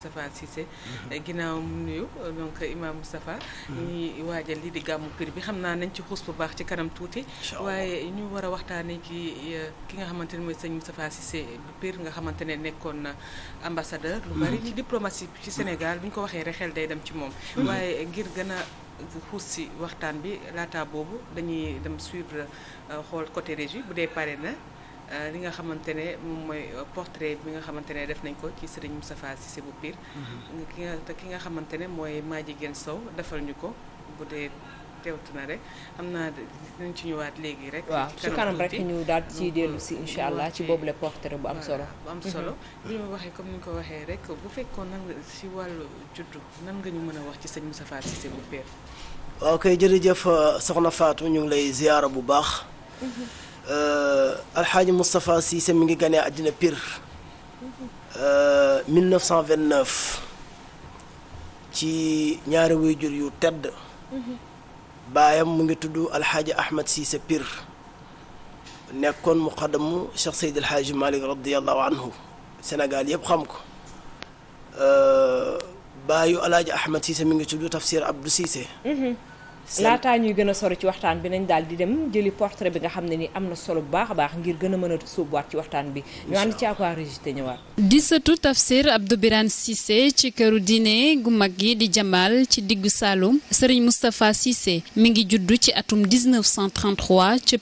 Moustapha ci ginnaaw mu nuyu donc Imam Moustapha mm-hmm. ñi waajal lii di gàmmu kër bi xam naa nañ ci xuus bu baax ci kanam tuuti waaye ñu war a waxtaane ci euh, ki nga xamante ne mooy sëñ Moustapha Cissé bu Pire nga xamante ne nekkoon na ambassadeur lu bari mm-hmm. ci diplomatie ci Sénégal mm-hmm. bu ñu ko waxee rek day dem ci moom waaye ngir gën a xuus si waxtaan bi laata boobu dañuy dem suivre euh, xool côté régie bu dee pare na Euh, li nga xamante ne moom mooy euh, portrait bi nga xamante ne def nañ ko ci Serigne Moustapha Cissé bu Pire. Mhm. ki nga ki nga xamante ne mooy Madji Guène Sow defal ñu ko bu dee teewtu na rek xam naa dinañ ci ñëwaat léegi rek. waaw ci kanam rek ñu daal ci dellu si incha allah ci boobule portrait bu am solo. bu am solo li mhm. ma waxee comme ni ñu ko waxee rek bu fekkoon nan si wàllu juddu nan nga ñu mën a wax ci sëñ Moustapha Cissé bu Pire. waaw kay jërëjëf euh, soxna Fatou ñu ngi lay ziyaara bu baax. Mhm. Euh, alxaaji Moustapha Cissé mi ngi ganee àddina Pire 1929 euh, ci ñaari waajur yu tedd baayam mu ngi tudd alxaaji Ahmed Cissé Pire nekkoon muqaddamu Cheikh Seydil Hadji Malick radiyallahu anhu Sénégal yëpp xam ko euh, baayu alaaji Ahmed Cissé mi ngi tudd Tafsir Abdou Cissé laataa ñuy gën a ci waxtaan bi nañ daal di dem jëli portrait bi nga xam ne ni am na solo bu baax a baax ngir gën a mën a sóobuwaat ci waxtaan bi ñu ànd ci ak waa registre ñëwaat di sëtu tafsir Abdou Birane Cissé ci këru dine gu mag yi di jamaal ci diggu saalum Serigne Moustapha Cissé mi ngi juddu ci atum 1933 ca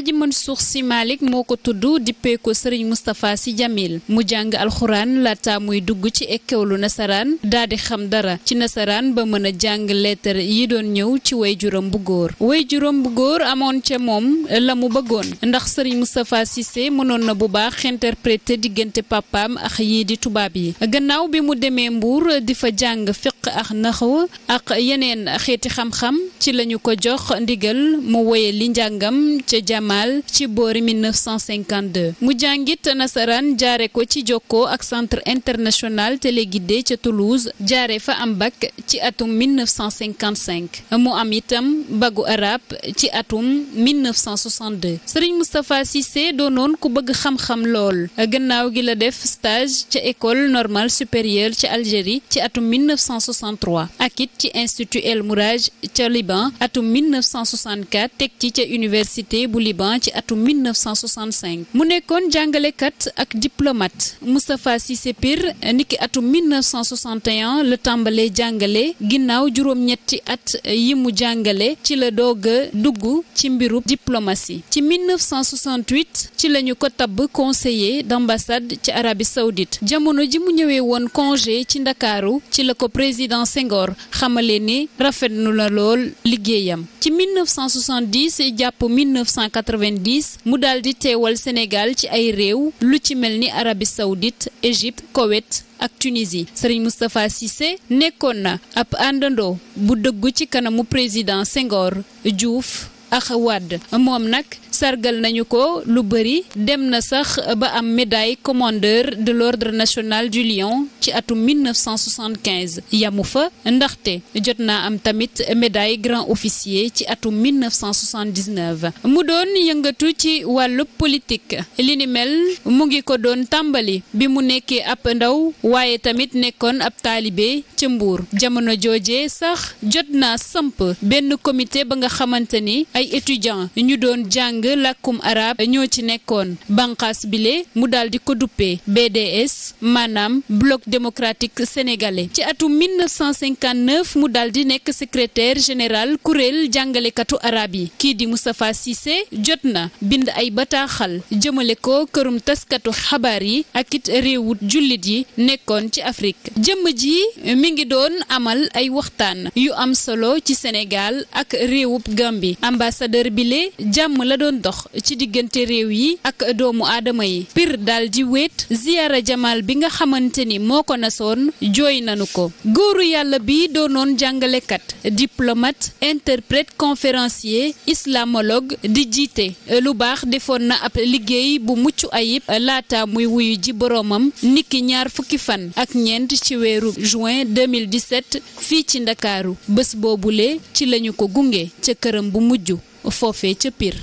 ji mën Mansour si Malick moo ko tudd dippee ko Serigne Moustapha Sy Jamil mu jàng alxuraan laata muy dugg ci école nasaraan daa di xam dara ci nasaraan ba mën a jàng lettre yi doon ñëw ci way juróom bu góor way juróom bu góor amoon ca moom la mu bëggoon ndax sëriñ Moustapha Cissé mënoon na bu baax interpréter diggante papaam ax yii di tubaab yi gannaaw bi mu demee Mbour di fa jàng fiq ak naxw ak yeneen xeeti xam-xam ci lañu ko jox ndigal mu woye li njàngam ca Jamal ci boori 1952 mu jàngit nasaraan jaare ko ci jokkoo ak centre international téléguidé ca Toulouse jaare fa am bac ci atum 1955 am itam bagu arab ci atum 1962 Serigne Moustapha Cissé doonoon ku bëgg xam-xam lool gannaaw gi la def stage ca école normale supérieure ci Algérie ci atum 1963 ak it ci institut El Mouraj ca Liban atum 1964 teg ci ca université bu Liban ci atum 1965 mu nekkoon jàngalekat ak diplomate Moustapha Cissé Pire niki atum 1961 la tàmbalee jàngale ginnaaw juróom-ñetti at yim mu jàngale ci la doog dugg ci mbiru diplomatie ci 1968 ci la ñu ko tab conseiller d'ambassade ci Arabie Saoudite jamono ji mu ñëwee woon congé ci ndakaaru ci la ko président Senghor xamale ni rafet nu la lool liggéeyam ci 1970 jàpp 1990 mu daal di teewal Sénégal ci ay réew lu ci mel ni arabi Saoudite Égypte Koweït ak Tunisie Serigne Moustapha Cissé nekkoon na ab àndandoo bu dëggu ci kanamu président Senghor Diouf ak Wade moom nag sargal nañu ko lu bëri dem na sax ba am médaille commandeur de l'ordre nationale du lion ci atum 1975 yamu fa ndaxte jot naa am tamit médaille grand officier ci atum 1979 mu doon yëngatu ci wàllu politique li ni mel mu ngi ko doon tàmbali bi mu nekkee ab ndaw waaye tamit nekkoon ab taalibe ca Mbour jamono jooje sax jot na samp benn comité ba nga xamante ni ay étudiants ñu doon jàng jàng làkkum arab ñoo ci nekkoon banqaas bile mu daal di ko duppee BDS maanaam bloc démocratique sénégalais ci atum 1959 mu daal di nekk secretaire général kuréel jàngalekatu arab yi kii di musafa Cissé jot na bind ay bataaxal jëmale ko kërum taskatu xabaar yi ak it réewut jullit yi nekkoon ci Afrique jëmm ji mi ngi doon amal ay waxtaan yu am solo ci Sénégal ak réewub Gambie ambassadeur bile jàmm la doon doon ci diggante réew yi ak doomu aadama yi pir daal di wéet ziyaara jamal bi nga xamante ni moo ko nasoon jooy nanu ko góoru yàlla bi doonoon jàngalekat diplomate interprète conférencier islamologue di jiite lu baax defoon na ab liggéey bu mucc ayib laata muy wuyu ji boroomam niki ñaar fukki fan ak ñeent ci weeru juin 2017 fii ci ndakaaru bés boobule ci lañu ko gunge ca këram bu mujj foofee ca Pire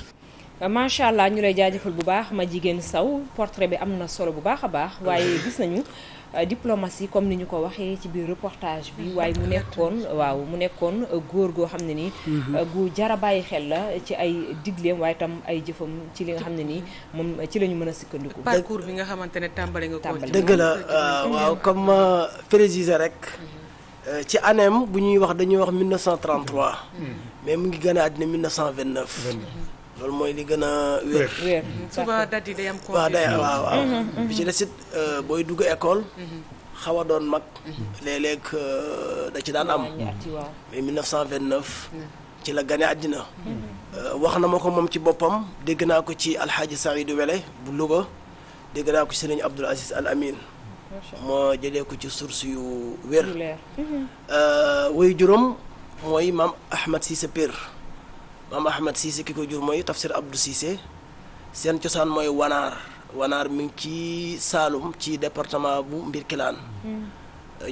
macha allah ñu lay jaajëfal bu baax ma jigéen saw portrait bi am na solo bu baax a baax waaye gis nañu euh, diplomatie comme ni ñu ko waxee ci biir reportage bi waaye mu nekkoon waaw mu nekkoon euh, góor goo xam ne nii mhm. euh, gu jara bàyyi xel la ci ay digleem waaye tam ay jëfam ci li nga xam ne nii moom ci la ñu mën a sukkandiku parcours bi nga xamante ne tàmbali nga ko dëgg la waaw comme présiser rek ci anem bu ñuy wax dañuy wax 1933 mhm. mais mu ngi gën a àddina 1929 loolu mooy li gën a wér. wér am. waaw day waaw waaw. Mm-hmm, mm-hmm. bi ci des euh, booy dugg école. Mm-hmm. xaw doon mag. léeg-léeg euh, da ci daan am. mais 1929. ci la gane àddina. Euh, wax na ma ko moom ci boppam dégg naa ko ci alxaaji Saïdou Wele bu Louga dégg naa ko ci sëriñ Abdoul Aziz Al Amin. moo jëlee ko ci source yu wér. way juróom mooy maam Ahmad Cissé Pire. maam Ahmed Cissé ki ko jur mooy tafsir Abdou Cissé seen cosaan mooy wanaar wanaar mi ngi ci Saalum ci département bu kilaan hmm.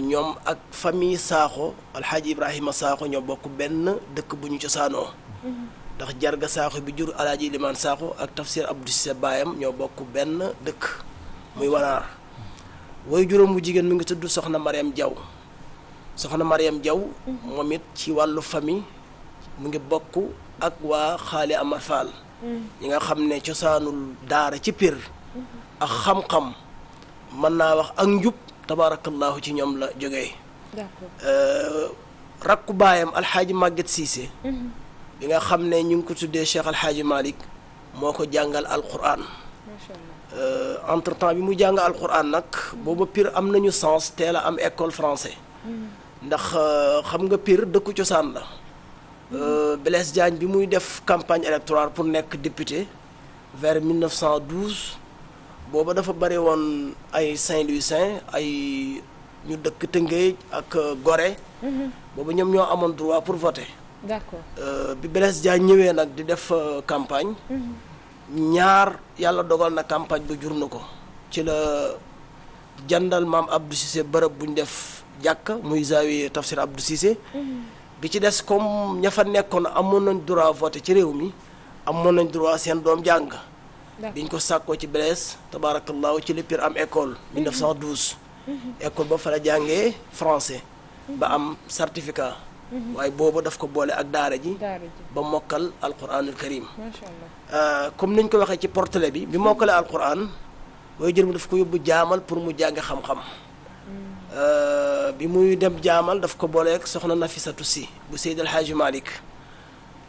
ñoom ak famille Sakho alxaaji Ibrahima Sakho ñoo bokk benn dëkk bu ñu cosaanoo hmm. ndax jarga Sakho bi jur alaaji Limaan Sakho ak tafsir Abdou Cissé baayam ñoo bokk benn dëkk muy hmm. wanaar woy juróom bu jigéen mi ngi tudd soxna Mariam Diaw soxna Mariam Diaw moom it ci wàllu famille mu ngi bokk ak waa xaali Amar Fall nga xam ne cosaanul daara ci piir ak xam-xam mën naa wax ak njub tabaarakallaahu ci ñoom la jógee euh, rakku baayam alxaaji Maguette Cissé bi nga xam ne ñu ngi ko tuddee Cheikh alxaaji Malick moo ko jàngal alquran euh, entre temps bi mu jàng alquran nag booba piir am na ñu sens teel a am école français mm. ndax euh, xam nga piir dëkku cosaan la Euh, Blaise Diagne bi muy def campagne électorale pour nekk député vers 1912 booba dafa bari woon ay Saint-Louisiens ay ñu dëkk Tëngéej ak euh, gore mhm. booba ñoom ñoo amoon droit pour voter. d'accord euh, bi Blaise Diagne ñëwee nag di def campagne. Mhm. ñaar yàlla dogal na campagne ba jur na ko ci la jàndal maam Abdou Cissé bërëb bu ñu def jàkk muy zaawiye tafsir Abdou Cissé. Mhm. bi ci des comme ña fa nekkoon amoon nañ droit voté ci réew mi amoon nañ droit seen doom jàng biñ ko sàkkoo ci Blaise tabaarakallaahu ci le pire am école 1912 mhm. mhm. école ba fa la jàngee français mhm. ba am certificat waaye boobu daf ko boole ak daara ji ba mokkal alquranul karim euh, comme niñ ko waxee ci portele bi bi mokkale alquran way jël mu daf ko yóbbu jaamal pour mu jàng xam-xam euh, bi muy dem jaamal daf ko booleek soxna sa tussi bu Seydil Hadji Malick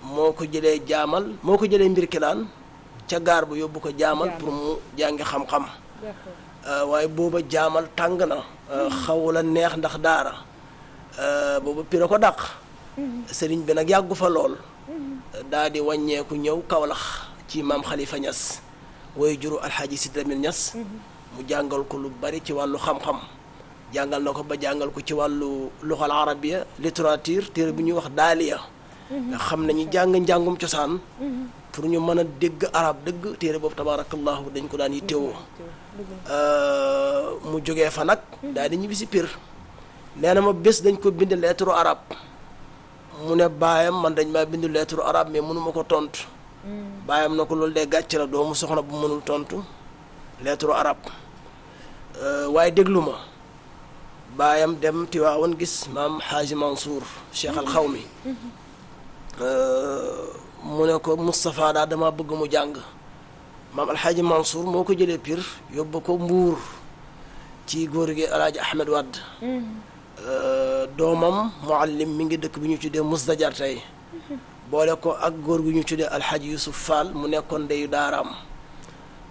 moo ko jëlee jaamal moo ko jëlee mbir ca gaar ba yóbbu ko jaamal pour mu jàngi xam-xam euh, waaye booba jaamal tàng na euh, hmm. xaw la neex ndax daara euh, booba pire ko dàq hmm. sëriñ bi nag yàggu fa lool hmm. daa di wàññeeku ñëw kawlax ci maam Khalifa Niass woy juru alxaaji Sidy Lamine mu jàngal ko lu bari ci wàllu xam-xam jàngal na ko ba jàngal ko ci wàllu luxal arabia littérature téere bu ñuy wax daaliya mhm. nga xam nañu jàng njàngum cosaan mhm. pour ñu mën a dégg arab dëgg téere boobu tabarakallahu dañ ko daan yittewoo mhm. euh, mu jóge fa nag daal di ñibbi si Pire na ma bés dañ ko bind lettre arab mu ne baayam man dañ maa bind lettre arab mais mënuma ko tontu baayam na ko loolu de gàcc la doomu soxna bu mënul tontu lettre arab euh, waaye déglu baayam dem Tiwaawoon gis maam Xaaji Mansour Cheikh al Xawmi euh, mu ne ko Moustapha daa dama bëgg mu jàng maam alxaaji Mansour moo ko jëlee piir yóbbu ko Mbuur ci góor gi alaaji Ahmed Wadd euh, doomam muallim mi ngi dëkk bi ñu tuddee Musdajar tey boole ko ak góor gi ñu tuddee alxaaji Yusuf Fall mu nekkoon ndeyu daaraam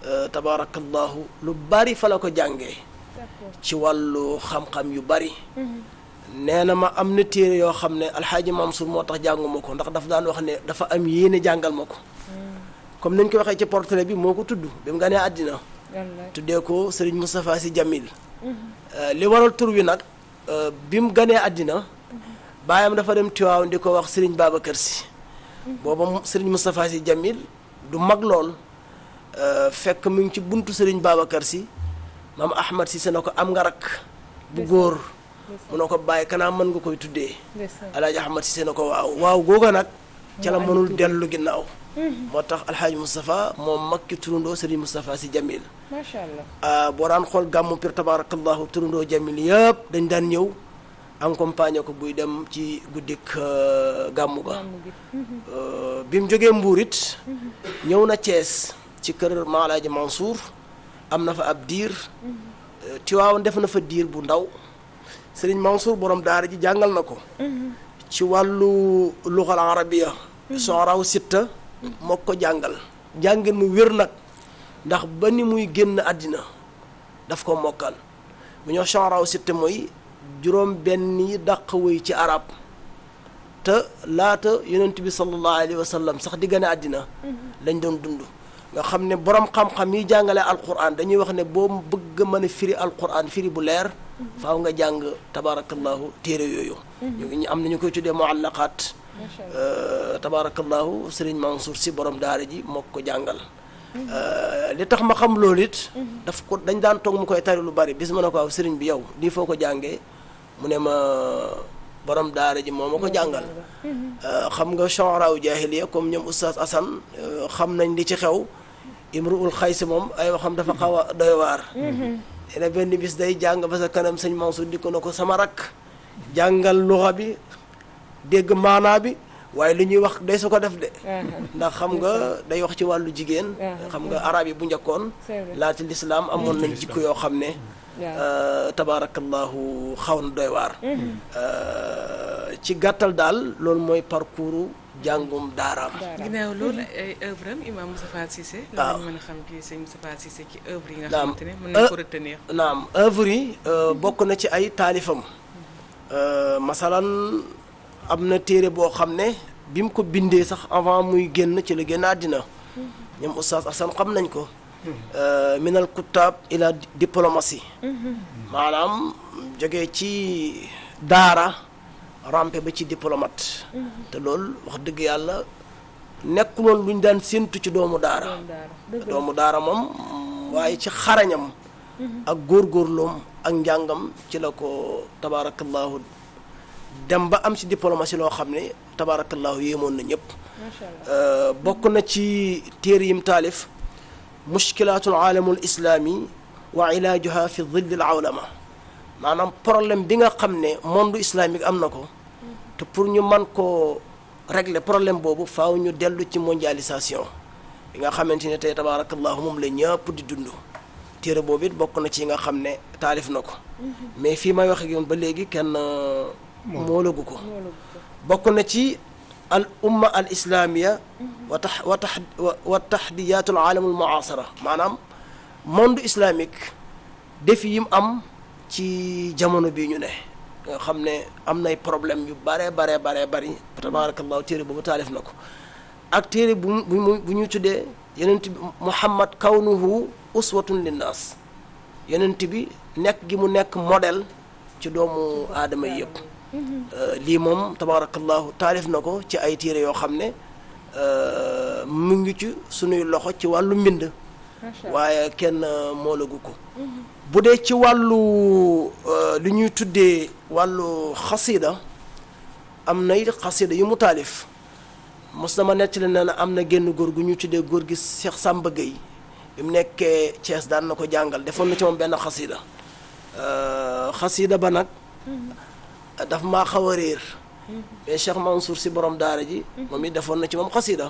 euh, tabarakallahu lu bari fa la ko jànge ci wàllu xam-xam yu bari. Mm-hmm. nee na ma am na téere yoo xam ne alxaaji Mansour moo tax jànguma ko ndax daf daan wax ne dafa am yéene jàngal ma ko. Mm. comme nañ ko waxee ci portrait bi moo ko tudd bi mu ganee àddina. tuddee ko sëriñ Moustapha Sy Jamil. Mm-hmm. Euh, li waral tur wi nag euh, bi mu ganee àddina. Mm-hmm. baayam dafa dem Tiwaawan di ko wax sëriñ Babacar si booba sëriñ Moustapha Sy Jamil du mag lool euh, fekk mu ngi ci buntu sëriñ Babacar si maam Ahmad si se na ko am nga rak bu góor mu ne ko bàyyi kanaa mën nga koy tuddee alaaji Ahmad si se na ko waaw waaw googa nag ca la mënul dellu ginnaaw mhm. moo tax alxaaji Moustapha moom mag ki turundoo Serigne Moustapha si Jamil macha allah ah, boo daan xool gàmmu pir tabarakallahu turundoo Jamil yëpp dañ daan ñëw accompagner ko buy dem ci guddik ah, gàmmu ga mhm. ah, bi mu jógee Mbuur it mhm. ñëw na Thiès ci kër Maalaaji Mansour am na fa ab diir Tiwaawan def na fa diir bu ndaw sëriñ Mansour borom daara ji jàngal na ko ci wàllu luxal arabiya soxraw sitta moo ko jàngal jàngin mu wér nag ndax ba ni muy génn àddina daf ko mokkal bu ñoo soxraw sitta mooy juróom benn yi dàq wéy ci arab te laata yonent bi sallallahu alayhi wa sax di gane àddina mm-hmm. lañ doon dund nga xam ne borom xam-xam yi jàngale alquran dañuy wax ne boo bëgg a ne a firi alquran firi bu leer faaw nga jàng tabaarakallahu téere yooyu ñu am nañu koy tuddee muallaqaat euh, tabaarakallahu sëriñ Mansour si borom daara ji moo ko jàngal euh, li tax ma xam loolu it mhm. daf ko dañ daan toog mu koy tari lu bari bis ma ne ko bi yow lii foo ko jàngee mu ne ma borom daara ji moo ko jàngal mhm. euh, xam nga chanraaw jaahiliya comme ñoom oustaz Assane xam nañ di ci xew xay xays moom ay waxam dafa xaw a doy waar mm-hmm. benn bis day jàng ba sa kanam sëñ Mansour di ko na ko sama rakk jàngal luxa bi dégg maanaa bi waaye li ñuy wax day su ko def de uh-huh. ndax xam nga day wax ci wàllu jigéen uh-huh. xam nga arab yi bu njëkkoon laati lislaam amoon nañ jikko yoo xam ne uh, tabaarakallahu xaw na doy mm-hmm. uh, ci gàttal daal loolu mooy parcours jàngum daaraam. ginnaaw a xam ci sëñ Moustapha Cissé ci œuvre naam euh, œuvre yi euh, bokk na ci ay taalifam. Mhm. Euh, masalan am na téere boo xam ne bi mu ko bindee sax avant muy génn ci la génn àddina. Mhm. ñoom oustaz Assane xam nañ ko. Mhm. minal kuttaab ila diplomatie. maanaam jógee ci daara. rampe ba ci diplomate. te lool wax dëgg yàlla nekkuloon lu ñu daan séentu ci doomu daara. doomu daara moom waaye ci xarañam. Mhm. ak góorgóorloom ak njàngam ci la ko tabaarakallaahu dem ba am si diplomatie loo xam ne tabaarakallaahu yéemoon na ñëpp. Euh, bokk na ci téere yim taalif mushkilaatul aalamul islaami wa ilaajuha fi dilli al awlama maanaam problème bi nga xam ne monde islamique am na ko te pour ñu man ko régle problème boobu faaw ñu dellu ci mondialisation yi nga xamante ne tey tabaarakallahu moom la ñëpp di dundu téere boobu it bokk na ci nga xam ne taalif na ko mm-hmm. mais fii may waxe ak yoon ba léegi kenn moolagu ko bokk na ci al umma al islamiya mm-hmm. wa tax wa tax wa taxdiyaatu al aalamul muasara maanaam monde islamique défi yim am ci jamono bii ñu ne yoo xam ne am nay problème yu bare bare bare bari tabarakallahu téere boobu taalif na ko ak téere bu bu bu ñu tuddee yenent bi muhammad kawnuhu uswatun linnaas nekk gi mu nekk modèle ci doomu aadama yi yëpp euh, lii moom tabarakallahu taalif na ko ci ay téere yoo xam ne euh, mu ngi ci sunuy loxo ci wàllu mbind waaye kenn euh, moolagu ko mhm. bu dee ci wàllu euh, lu ñuy tuddee wàllu xasida am na it xasida yu mu taalif mos na ma nettali ne na am na génn góor gu ñuy tuddee góor gi Cheikh Samba Gueye bi mu nekkee Thiès daan na ko jàngal defoon na ci moom benn xasida euh, xasida ba nag mm-hmm. daf maa xaw a réer mm-hmm. mais Cheikh Mansour si borom daara ji mm-hmm. moom it defoon na ci moom xasida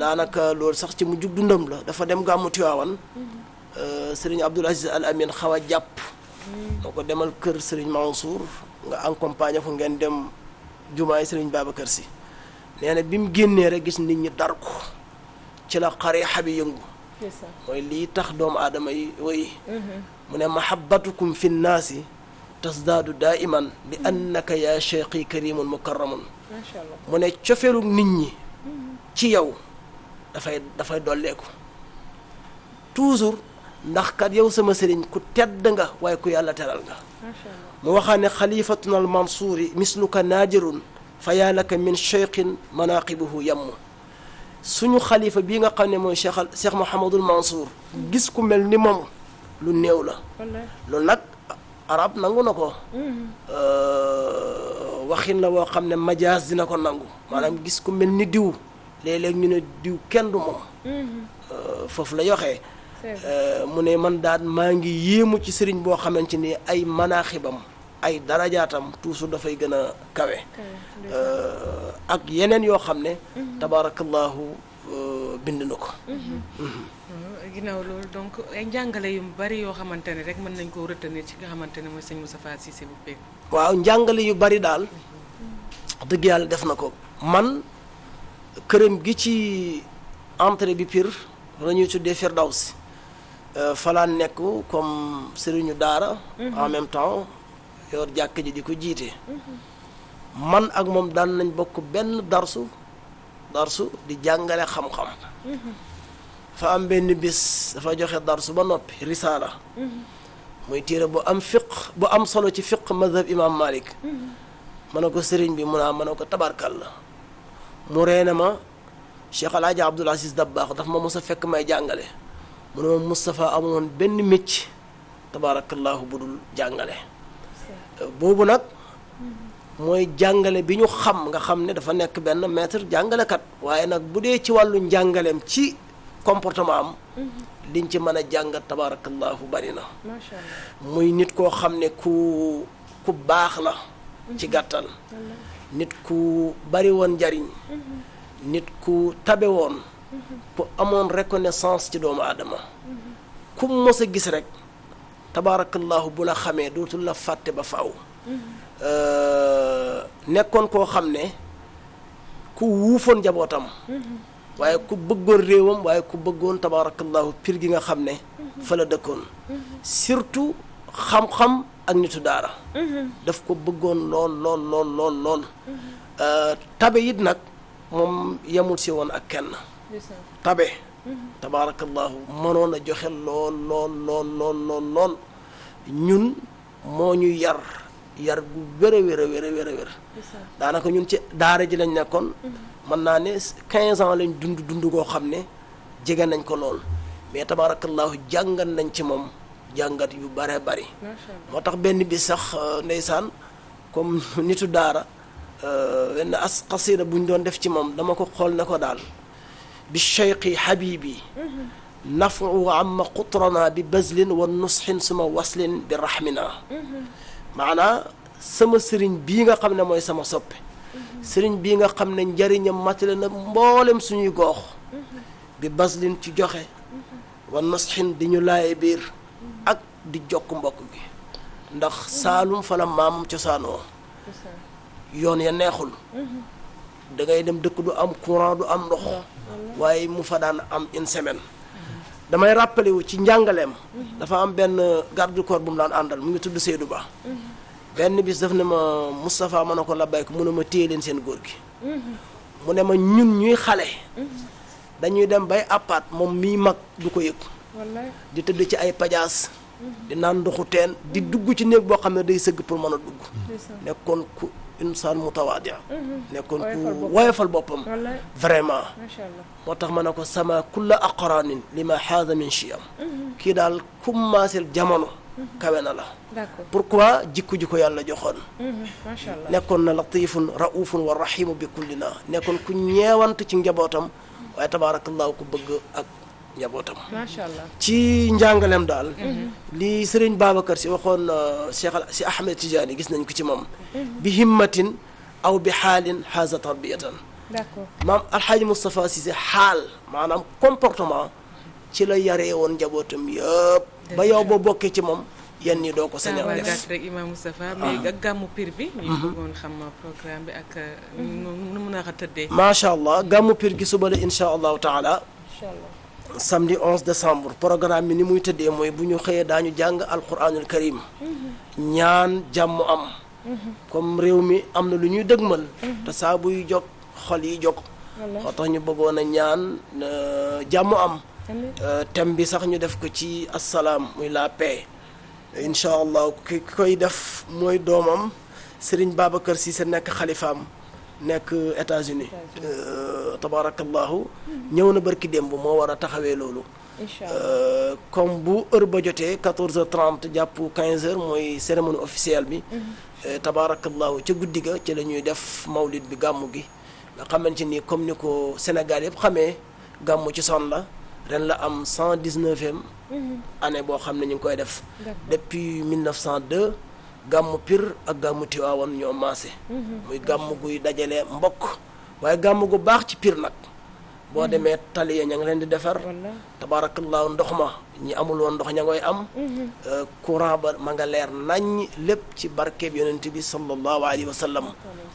daanaka loolu sax ci mu jug dundam la dafa dem gàmmu Tiwaawan Euh, sëriñ Abdoul Aziz Al Amin xaw a jàpp. moo ko demal kër sëriñ Mansour nga accompagner fu ngeen dem jumaay sëriñ kër si nee na bi mu génnee rek gis nit ñi dar ko ci la xarixa bi yëngu. mooy lii tax doomu aadama yi woy mm-hmm. mu ne mahabbatukum fi nnaasi tasdaadu daiman bi annaka yaa cheikhi karimun mukarramun mu ne cofeelu nit ñi mm-hmm. ci yow dafay dafay dolleeku ndax kat yow sama sëriñ ku tedd nga waaye ku yàlla teral nga mu waxaa ne xalifatuna al mansuuri misluka naadirun fa yaa laka min cheikhin manaqibuhu yemmu xalifa bii nga xam ne mooy cheikh cheikh Mouhamadul Mansour gis ku mel ni moom lu néew la loolu nag arab nangu na ko euh, waxin la woo xam ne majaas dina ko nangu maanaam gis ku mel ni diw léeg-léeg ñu ne diw kenn du moom euh, foofu la yoxee Euh, mu ne man daan maa ngi yéemu ci sëriñ boo xamante ni ay manaaxibam ay darajaatam toujours dafay gën a kawe euh, ak yeneen yoo xam ne tabaarakallaahu euh, bind na ko mhm. ginnaaw loolu donc ay njàngale yu bari yoo xamante ne rek mën nañ koo retenir ci nga xamante ne mooy sëñ Moustapha Cissé bu waaw njàngale yu bari daal dëgg yàlla def na ko man këram gi ci entrée bi Pire la ñuy tuddee Firdawsi Euh, falaa nekku comme sëriñu daara mhm. en même temps yor jàkk ji di ko jiite man ak moom daan nañ bokk benn darsu darsu di jàngale xam-xam mhm. fa am benn bis dafa joxe darsu ba noppi risaala mhm. muy téere bu am fiq bu am solo ci fiq madhab imam malik ma ne ko sëriñ bi mu naa ah, ma ne ko tabarkal la mu reena ma cheikh alaaji abdul aziz dabbaax daf ma mos a fekk may jàngale mu ne amoon benn mécc tabaarakallaahu bu dul jàngale boobu nag mooy jàngale bi ñu xam nga xam ne dafa nekk benn maître jàngalekat waaye nag bu dee ci wàllu njàngaleem ci comportement am liñ ci mën a jàngat tabaarakallaahu bari na muy nit koo xam ne ku ku baax la ci mhm. gàttal nit ku bari woon njariñ mhm. nit ku tabe woon bu amoon reconnaissance ci doomu aadama ku mos a gis rek tabaarakallaahu bu la xamee dootul la fàtte ba faaw euh, nekkoon koo xam ne ku wuufoon njabootam waaye ku bëggoon réewam waaye ku bëggoon tabaarakallaahu piir gi nga xam ne fa la dëkkoon surtout xam-xam ak nitu daara daf ko bëggoon lool lool lool lool euh, tabe it nag moom yemul si woon ak kenn tabe tabaarakallaahu mënoon a joxe lool lool lool lool ñun moo ñuy yar yar gu wéra wéra wéra wéra wéra daanaka ñun ci daara ji lañ nekkoon mën naa ne quinze ans lañ dund dund koo xam ne jege nañ ko lool mais tabaarakallaahu jàngat nañ ci moom jàngat yu bare bari moo tax benn bi sax euh, ndeysaan comme nitu daara euh, wenn as bu ñu doon def ci moom dama ko xool ne ko daal bi cheyqi habibi nafuu amma xutrana bi bazlin wa nusxin suma waslin bi rahmina maanaa sama sëriñ bi nga xam ne mooy sama soppe sëriñ bii nga xam ne njariñam matale na mboolem suñuy goox bi bazlin ci joxe wa nusxin di ñu laaye biir ak di jokk mbokk gi ndax saalum fa la maamam cosaanoo yoon ya neexul mhm. dangay dem dëkk du am courant du am ndox waaye mu fa daan am une damay rappelé wu ci ma dafa am benn garde du corps bu mu daan àndal mu ngi tudd Seydou Ba benn bis daf ne ma Moustapha ma ne ko la bayko mu ne ma téye leen seen góor gi mu ne ma ñun ñuy xale dañuy dem bay appaat moom mii mag du ko yëg di tëdd ci ay pajaas di naan ndoxu teen di dugg ci néeg boo xam ne day sëgg pour mën a dugg nekkoon ku insaan mutawaadia mhm. nekkoon ku woyofal boppam vraiment moo tax ma ne ko sama kulla aqraanin li ma xaada min chi am mhm. kii daal commencé jamono mhm. kawe na la pourquoi jikku ji ko yàlla joxoon nekkoon wa rahimu bi kullina nekkoon ku ñeewant ci njabootam waaye tabaarakallahu ku bëgg ak njabootam macha allah ci njàngaleem daal mhm. Mhm. li Serigne Babacar si waxoon euh, Cheikh si Ahmed Tidiane gis nañ ko ci moom mhm. bi himmatin aw bi xaalin haza tarbiyatan d'accord maam alxaaji Moustapha Cissé xaal maanaam comportement ci la yaree woon njabootam yëpp ba yow boo bokkee ci moom yan ni doo ko sañ a ah, def rek ah. bi ñu euh, bi ak euh, nu mën a tëddee macha allah gi suba la taala samedi 11 décembre programme bi ni muy tëddee mooy bu ñu xëyee daañu jàng alquranul karim ñaan jàmm am comme réew mi am na lu ñuy dëgmal te saa buy jóg xol yi jóg moo ñu bëggoon a ñaan euh, jàmm am euh, thème bi sax ñu def ko ci assalaam muy la paix incha allah ki koy def mooy doomam Serigne si Cissé nekk xalifaam nekk États-Unis euh, tabaarakallaahu ñëw na bërki démb moo war a taxawee loolu euh, comme bu heure ba jotee 14h30 jàpp 15h mooy cérémonie officielle bi mhm. euh, tabaarakallaahu ci guddi ga ci la ñuy def mawlid bi gàmmu gi nga xamante ni comme ni ko Sénégal yëpp xamee gàmmu ci son la ren la am cent 119e mhm. année boo xam ne ñu ngi koy def depuis 1902 gàmmu Pire ak gàmmu Tiwaawan ñoo maase. muy gàmm guy dajale mbokk waaye gàmm gu baax ci piir nag. boo demee tali ñaa ngi leen di defar. tabaarakallaahu ndox ma ñi amul ndox ña ngoy am. Mhm. Euh, courant ba ma nga leer naññ lépp ci barkeeb yonent bi sallallahu alayhi wa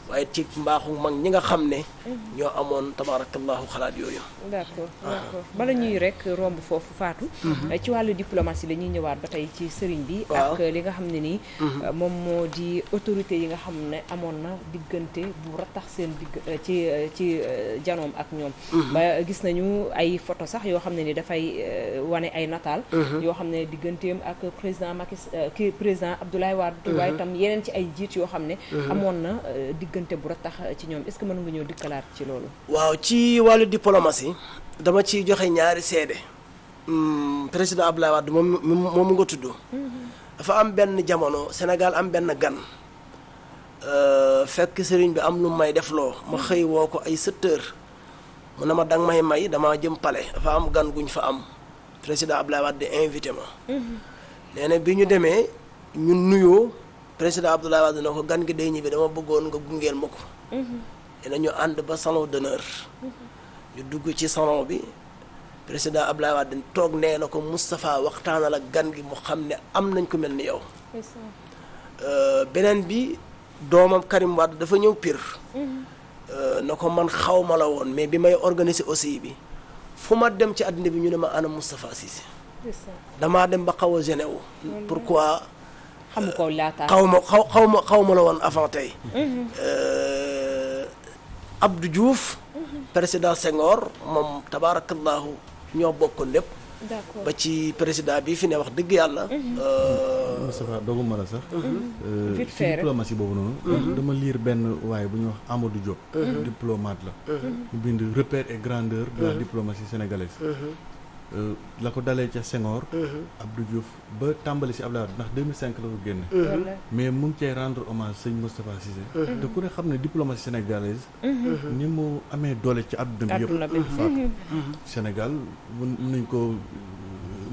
waaye ci mbaaxu mag ñi nga xam ne. Mhm. ñoo amoon tabaarakallaahu xalaat yooyu. d'accord ah. d'accord bala ñuy rek romb foofu faatu. Mhm. Eh, ci wàllu diplomatie lañuy ñëwaat ba tey ci sëriñ bi. ak eh, li nga xam ne ni mhm. eh, moom moo di autorité yi nga xam ne amoon na diggante bu rattax seen digg ci ci janoom ak ñoom. gis nañu ay photo sax yoo xam ne ni dafay wane ay nataal. yoo xam ne digganteem ak président Macky ki président Abdoulaye Wade. waaye tam yeneen ci ay jiit yoo xam ne. amoon na diggante bu ratax ci ñoom est-ce que mën nga ñëw dikkalaat ci loolu. waaw ci wàllu diplomatie dama ci joxe ñaari seede. Hmm, président Abdoulaye Wade moom moom nga tudd. Mhm. dafa am benn jamono Sénégal am benn gan. Euh, fekk sëriñ bi am lu may def loo ma mhm. xëy woo ko ay sept heures mu ma danga may may dama jëm palais dafa am gan guñ fa am président Abdoulaye Wade invité ma. Mhm. nee bi ñu demee ñu nuyoo. président Abdoulaye Wade na ko gan gi day ñibbi dama bëggoon nga gungeel ma ko. Mhm. dinañu ànd ba salon d'honneur. Mhm. ñu dugg ci salon bi président Abdoulaye Wade toog nee na ko Moustapha waxtaanal ak gan gi mu xam ne am nañ ko mel ni yow. Euh, beneen bi doomam Karim Wade dafa ñëw Pire. Mhm. Euh, na ko man xaw ma la woon mais bi may organiser aussi bi fu ma dem ci àddina bi ñu ne ma ana Moustapha Cissé. damaa dem ba xaw a gêné wu. xamu ko laata xaw ma xaw xaw xaw ma la woon avant tey. juuf mhm. euh, Diouf. président Senghor moom tabaarakallaahu ñoo bokk lépp. ba ci président bi fi ne wax dëgg yàlla. Mhm. Euh, Moustapha doguma la sax. Mhm. Euh, vite fait diplomatie boobu noonu. dama liir benn waaye bu ñuy wax amadu Diop. diplomate la. mu bind repère et grandeur de la diplomatie la ko dalee ca Senghor. Mhm. Abdou Diouf ba tàmbali si Abdoulaye ndax cinq la ko génne. Mhm. mais mun ngi cay rendre hommage sëñ Moustapha Cissé. Mhm. te ku ne xam ne diplomatie sénégalaise. ni mu amee doole ci àdduna bi yëpp. Sénégal mu mun nañ ko.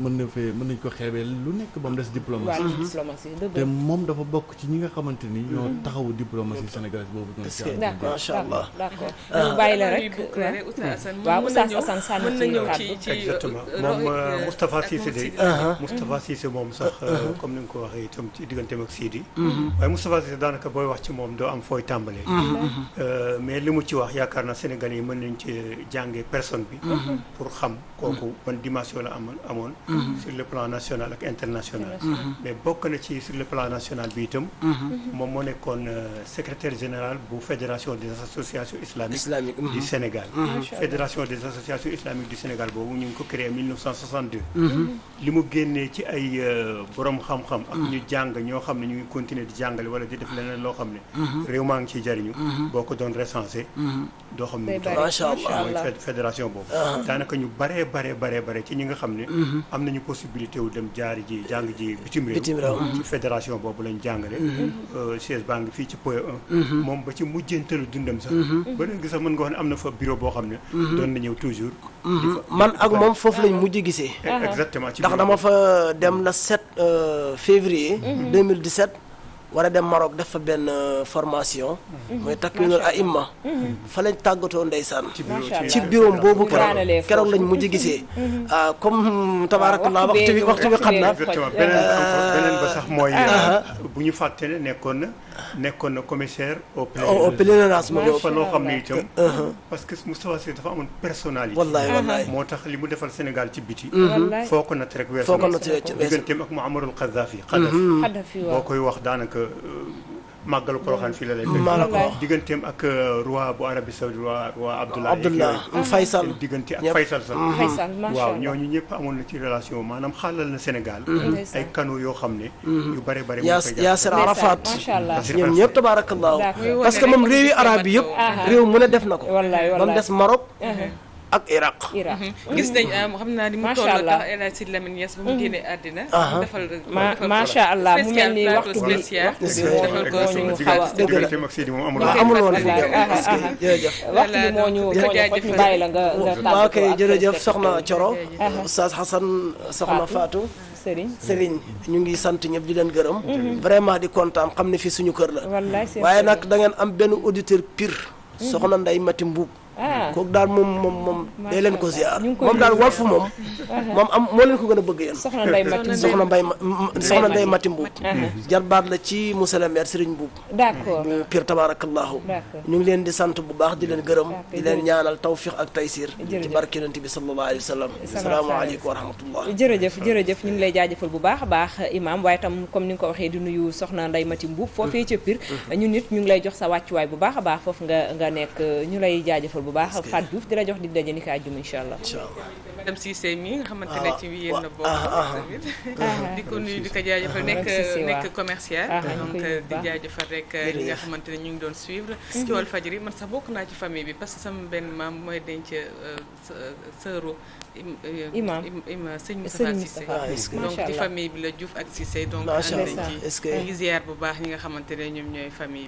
mën na mën nañ ko xeebee lu nekk ba mu des diplomatie mhm. te moom dafa bokk ci ñi nga xamante ni ñoo mhm. taxawu diplomatie sénégalaise boobu d'accord macha allah d'accord ah. ñu bàyyi la rek waaw Oustaz Assane Sall mën na ñëw ci ci exactement moom euh, Moustapha Cissé de Moustapha Cissé mhm. moom sax euh, comme ni nga ko waxee itam ci digganteem ak Sidi waaye Moustapha Cissé daanaka booy wax ci moom doo am fooy tàmbalee euh, mais li mu ci wax yaakaar naa Sénégal yi mën nañ ci jàngee personne bi pour xam kooku ban dimension la amoon amoon Mm-hmm. sur le plan national ak international mm-hmm. mais bokk na ci sur le plan national bi itam mm-hmm. moom moo nekkoon euh, secrétaire général bu fédération des associations islamiques du Sénégal fédération des associations islamiques du Sénégal boobu ñu ngi ko créé en 1962 li mu génnee ci ay euh, borom xam-xam ak ñu jàng ñoo xam ne ñu ngi continuer di jàngale wala di def leneen loo xam ne réew maa ngi ciy jariñu boo ko doon recensé doo xam ne fédération boobu ah. daanaka ñu baree bare am nañu possibilité wu dem jaari ji jàng ji bitim réew. bitim réew ci fédération boobu lañ jàngale. Mm-hmm. Euh, siège baa ngi fii ci point 1. Mm-hmm. moom ba ci mujjantalu dundam sax. Mm-hmm. ba léegi sax mën nga wax ne am na fa bureau boo xam ne. doon na ñëw toujours. man ak moom foofu lañ ah. mujj gisee. E-, exactement ci ndax dama fa dem la 7 euh, février. 2017. war a dem Maroc def fa benn euh, formation. Mhm. mooy takminul mhm. aimma. Mhm. fa lañ tàggatoo ndey saan bureau boobu keroog keroog lañ mujj gisee. Ah, comme tabaarakallah waxtu bi waxtu bi xam na. Ah. beneen ba sax mooy. Ah. bu ñu fàtte ne nekkoon na. nekkoon na commissaire au pèlerinage mu fa loo xam ne itam uh-huh. Uh-huh. parce que Moustapha Sy dafa amoon personnalité wallaay wallaay moo tax li mu defal Sénégal ci biti foo ko natt rek weesu digganteem ak Mouammar al Kadhafi Kadhafi boo mm-hmm. koy wax daanaka màggalu Porokhane fii la lay fekk digganteem ak euh, roi bu Arabie Saoudi roi roi Abdullah Abdullah mm, Faysal diggante ak Faysal sax mm-hmm. waaw ñooñu ba amoon na ci relation maanaam xaalal na Sénégal mm-hmm. Mm-hmm. ay canaux yoo xam ne yu bare bare Yaasir Arafat ñoom ñëpp tabaarakallaahu parce que moom réewi arab yi yëpp mu ne def na ko ba mu des ak Irak. Mm-hmm. gis nañ ah, xam naa ni macha mm-hmm. ah, ah. allah mu mel ni waxtu bi waxtu bi moo ñu xaw a dëgg la amul woon fi jërëjëf waxtu bi moo ñu ñu bàyyi la nga nga tàggatoo waaw kay jërëjëf soxna Coro Oustaz Hassan soxna Fatou Serigne Serigne ñu ngi sant ñëpp di leen gërëm mm-hmm. vraiment di kontaan xam ne fii suñu kër la waaye nag da ngeen am benn auditeur pire soxna Ndeye Mati Mbuub Ah. kooku daal moom moom moom day leen ko ziar moom daal Walf moom moom am moo leen ko gën a bëgg yéen soxna Ndeye Mati soxna Mbaye soxna Ndeye Mati Mbuub jarbaat la ci monsieur le maire Serigne Mbuub d'accord pire tabarakallahu ñu ngi leen di sant bu baax di leen gërëm di leen ñaanal tawfiq ak taysir ci barke yonent bi sallallahu alayhi wa jërëjëf jërëjëf ñu ngi lay jaajëfal bu baax baax imam waaye tam comme ni nga ko waxee di nuyu soxna Ndeye Mati Mbuub foofee ca pire mm. ñun nit ñu ngi lay jox sa wàccuwaay bu baax a baax foofu nga nga nekk ñu lay jaajëfal bu baax ak Fatou Diouf di la jox dig daje ni ko àjjuma incha allah. incha allah madame Cissé mi nga xamante ne ah, ci yéen la ko ah, ah, tamit di ko nuyu di ko jaajëfal nekk nekk commercial donc di jaajëfal rek li eh, nga xamante ne ñu ngi doon suivre mhm. ci Walfadjri man sa bokk naa ci famille bi parce que sama benn maam mooy denc euh, euh, sëru imam imam sëñ Moussa Cissé donc ci famille bi la Diouf ak Cissé donc ànd ci ngi ziar bu baax ñi nga xamante ne ñoom ñooy famille bi